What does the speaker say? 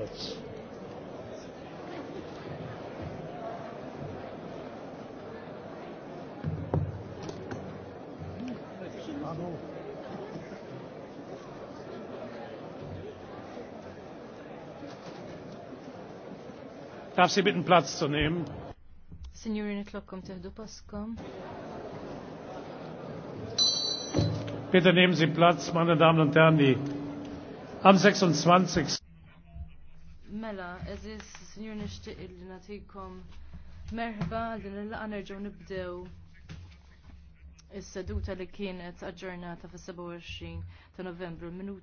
That's Darf Sie bitten, Platz zu nehmen? Signorin, itlokkom teħdu paskom. Bitte nehmen Sie Platz, meine Damen und Herren, die am 26. Mela, eżiz, signor nishtiq li natikom merħba li il-laqa nibdew is-seduta li kienet aġġornata fis-27 ta' Novembru.